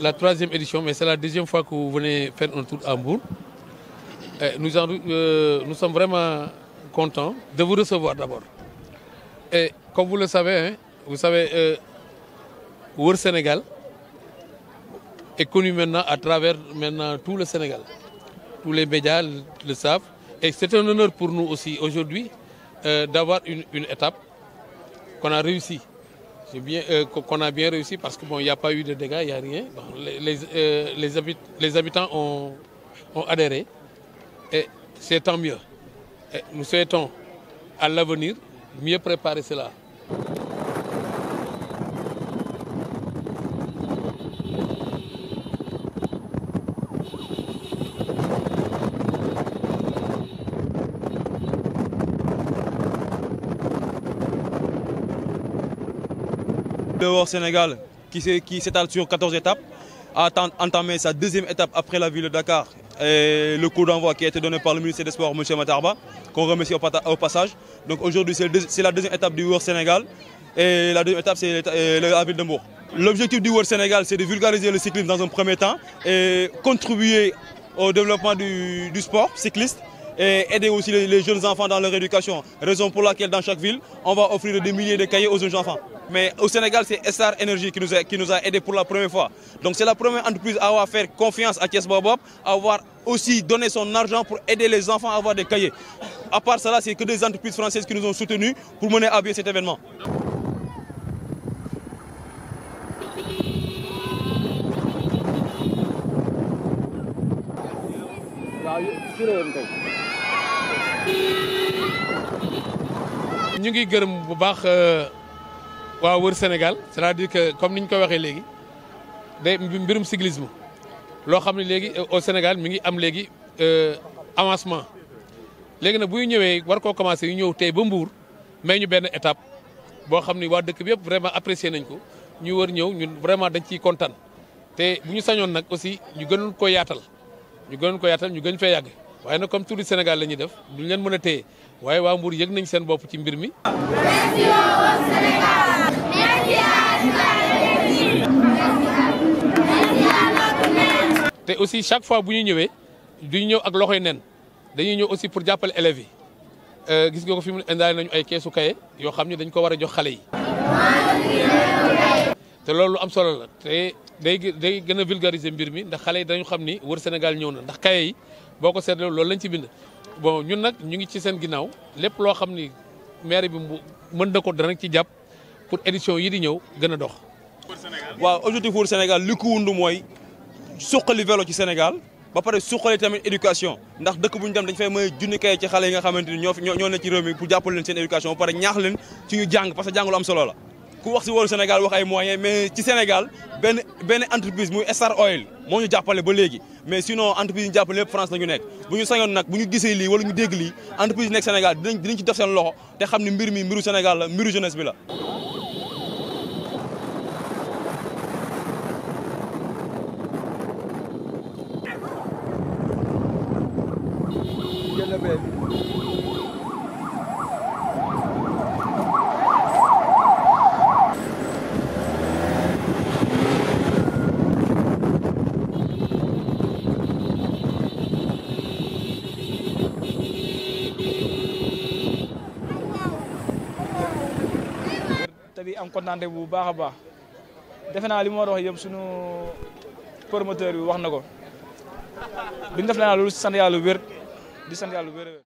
La troisième édition, mais c'est la deuxième fois que vous venez faire un tour Hambourg. Euh, nous, sommes vraiment contents de vous recevoir d'abord. Et comme vous le savez, hein, vous savez, euh, Sénégal est connu maintenant à travers maintenant tout le Sénégal. Tous les médias le savent. Et c'est un honneur pour nous aussi aujourd'hui euh, d'avoir une étape qu'on a réussi. j'ai bien euh, qu'on a bien réussi parce que bon, il n'y a pas eu de dégâts, il n'y a rien. Bon, les, les, euh, les, habit les, habitants ont, ont adhéré et c'est tant mieux. Et nous souhaitons à l'avenir mieux préparer cela. Dehors Sénégal, qui, qui s'étale sur a entamé sa deuxième étape après la ville de Dakar et le coup d'envoi qui a été donné par le ministre des Sports, M. Matarba, qu'on remercie au, au, passage. Donc aujourd'hui, c'est la deuxième étape du World Sénégal et la deuxième étape, c'est la ville de L'objectif du World Sénégal, c'est de vulgariser le cyclisme dans un premier temps et contribuer au développement du sport cycliste et aider aussi les, les, jeunes enfants dans leur éducation. Raison pour laquelle dans chaque ville, on va offrir des milliers de cahiers aux jeunes enfants. Mais au Sénégal, c'est SR Energy qui nous a, qui nous a aidés pour la première fois. Donc c'est la première entreprise à avoir fait confiance à Thiès Bob, à avoir aussi donné son argent pour aider les enfants à avoir des cahiers. À part cela, c'est que des entreprises françaises qui nous ont soutenus pour mener à bien cet événement. waaw ñu ngi gërëm bu baax euh, waa wër Sénégal c'est-à-dire que comme ni ñu ko waxee léegi day mbirum cyclisme loo xam ne léegi euh, au Sénégal mi ngi am léegi euh, avancement léegi nag buy ñëwee war koo commencé yu ñëw tey ba Mbour may ñu benn étape boo xam ni waa dëkk bi yëpp vraiment apprécié nañ ko ñu war ñëw ñun vraiment dañ ciy kontaan te bu ñu sañoon nag aussi ñu gënul ko yaatal. ñu gën ko yaatal ñu gën fee yàgg waaye nag comme tour du Sénégal la ñuy def duñ leen mën a téye waaye waa Mbour yëg nañ seen bopp ci mbir mi. te aussi chaque fois bu ñu ñëwee duñ ñëw ak loxoy nen dañuy ñëw aussi pour jàppale élèves yi euh, gis nga ko fi mu indaale nañu ay keesu kaye yoo xam ne dañ ko war a jox xale yi. te loolu am solo la te day day gën a vulgariser mbir mi ndax xale yi dañu xam ni wër Sénégal ñëw na ndax kaye yi boo ko seetloo loolu lañ ci bind. bon ñun nag ñu ngi ci seen ginnaaw lépp loo xam ni maire bi mu mën na ko dana ci jàpp pour édition yi di ñëw gën a dox. waaw objectif wër Sénégal li ko wund mooy suqali vélo ci Sénégal. ba pare suqali tamit éducation ndax dëkk bu ñu dem dañu fay may junni kay ci xale yi nga xamante ñoo ne ci réew mi pour jàppale leen ñu jàng parce jàng am solo la. ku wax si wàllu Sénégal wax ay moyens mais ci senegal benn benn entreprise muy Star Oil moo ñu jàppale ba léegi mais sinon entreprise ñu jàppale lépp France la ñu nekk bu ñu sañoon nag bu ñu gisee lii wala ñu dégg lii entreprise nekk senegal dinañ dinañ ci def seen loxo te xam ne mbir mi mbiru Sénégal la mbiru jeunesse bi la di am kontaante bu baax a baax defe naa li ma war a wax yëpp sunu promoteur bi wax na ko bi ñu def naa loolu sant wér di sant yàlla wér